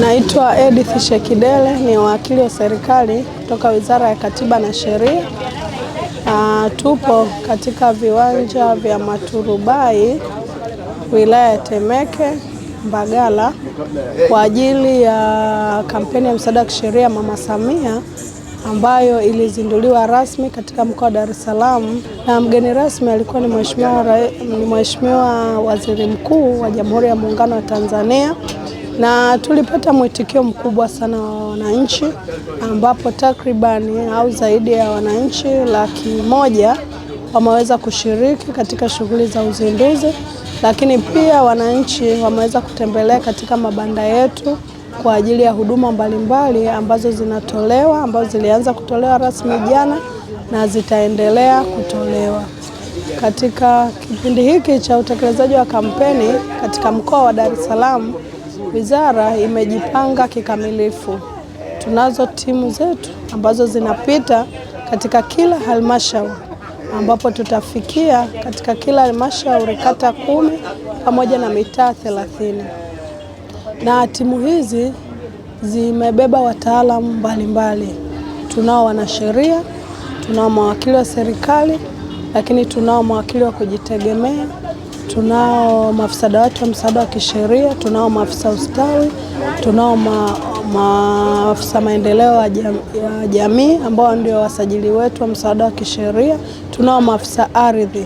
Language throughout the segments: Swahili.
Naitwa Edith Shekidele, ni wakili wa serikali kutoka Wizara ya Katiba na Sheria. Uh, tupo katika viwanja vya Maturubai wilaya ya Temeke Mbagala kwa ajili ya kampeni ya msaada wa kisheria Mama Samia ambayo ilizinduliwa rasmi katika mkoa wa Dar es Salaam na mgeni rasmi alikuwa ni Mheshimiwa Waziri Mkuu wa Jamhuri ya Muungano wa Tanzania na tulipata mwitikio mkubwa sana wa wananchi, ambapo takribani au zaidi ya wananchi laki moja wameweza kushiriki katika shughuli za uzinduzi, lakini pia wananchi wameweza kutembelea katika mabanda yetu kwa ajili ya huduma mbalimbali ambazo zinatolewa ambazo zilianza kutolewa rasmi jana na zitaendelea kutolewa. Katika kipindi hiki cha utekelezaji wa kampeni katika mkoa wa Dar es Salaam wizara imejipanga kikamilifu. Tunazo timu zetu ambazo zinapita katika kila halmashauri ambapo tutafikia katika kila halmashauri kata kumi pamoja na mitaa thelathini, na timu hizi zimebeba wataalamu mbalimbali. Tunao wanasheria, tunao mawakili wa serikali, lakini tunao mawakili wa kujitegemea tunao maafisa dawati wa msaada wa kisheria, tunao maafisa ustawi, tunao maafisa maendeleo ya jamii ambao ndio wasajili wetu wa msaada wa kisheria, tunao maafisa ardhi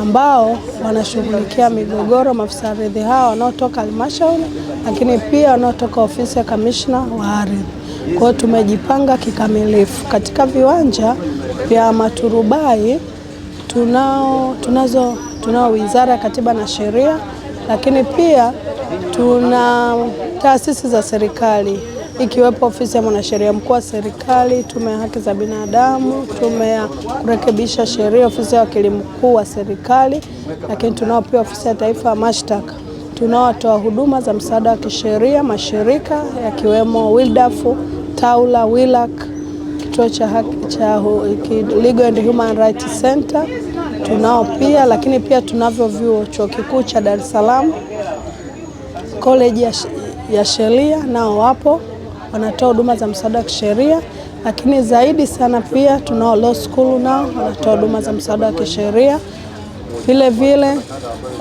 ambao wanashughulikia migogoro. Maafisa ardhi hawa wanaotoka halmashauri, lakini pia wanaotoka ofisi ya kamishna wa ardhi. Kwa hiyo tumejipanga kikamilifu katika viwanja vya maturubai tunao tunazo tunao Wizara ya Katiba na Sheria, lakini pia tuna taasisi za serikali ikiwepo ofisi ya mwanasheria mkuu wa serikali, tume ya haki za binadamu, tume ya kurekebisha sheria, ofisi ya wakili mkuu wa serikali, lakini tunao pia ofisi ya taifa ya mashtaka. tunaotoa huduma za msaada wa kisheria mashirika yakiwemo Wildafu, Taula, Wilak, kituo cha haki cha Legal and Human Rights Center tunao pia, lakini pia tunavyo vyuo, chuo kikuu cha Dar es Salaam, koleji ya, ya sheria nao wapo wanatoa huduma za msaada wa kisheria, lakini zaidi sana pia tunao law school nao wanatoa huduma za msaada wa kisheria vile vile.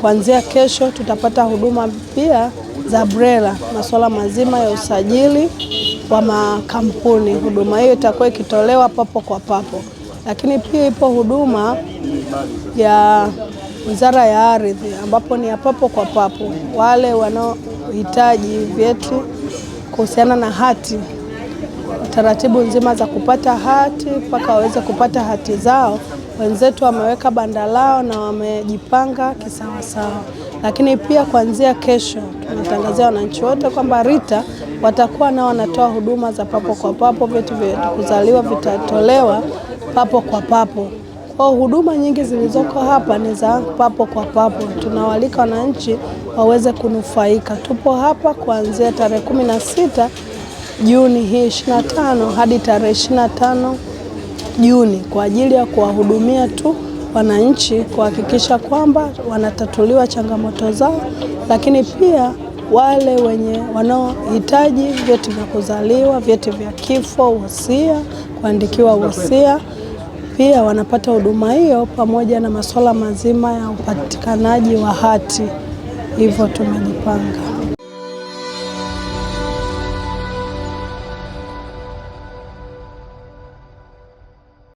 Kuanzia kesho tutapata huduma pia za BRELA, masuala mazima ya usajili wa makampuni. Huduma hiyo itakuwa ikitolewa papo kwa papo lakini pia ipo huduma ya Wizara ya Ardhi ambapo ni ya papo kwa papo, wale wanaohitaji vyeti kuhusiana na hati, taratibu nzima za kupata hati mpaka waweze kupata hati zao. Wenzetu wameweka banda lao na wamejipanga kisawasawa, lakini pia kuanzia kesho tunatangazia wananchi wote kwamba RITA watakuwa nao wanatoa huduma za papo kwa papo, vyeti vya kuzaliwa vitatolewa papo kwa papo. Kwa huduma nyingi zilizoko hapa ni za papo kwa papo. Tunawalika wananchi waweze kunufaika. Tupo hapa kuanzia tarehe kumi na sita Juni hii ishirini na tano hadi tarehe ishirini na tano Juni kwa ajili ya kuwahudumia tu wananchi kuhakikisha kwamba wanatatuliwa changamoto zao, lakini pia wale wenye wanaohitaji vyeti vya kuzaliwa, vyeti vya kifo, wosia, kuandikiwa wosia pia wanapata huduma hiyo pamoja na masuala mazima ya upatikanaji wa hati. Hivyo tumejipanga.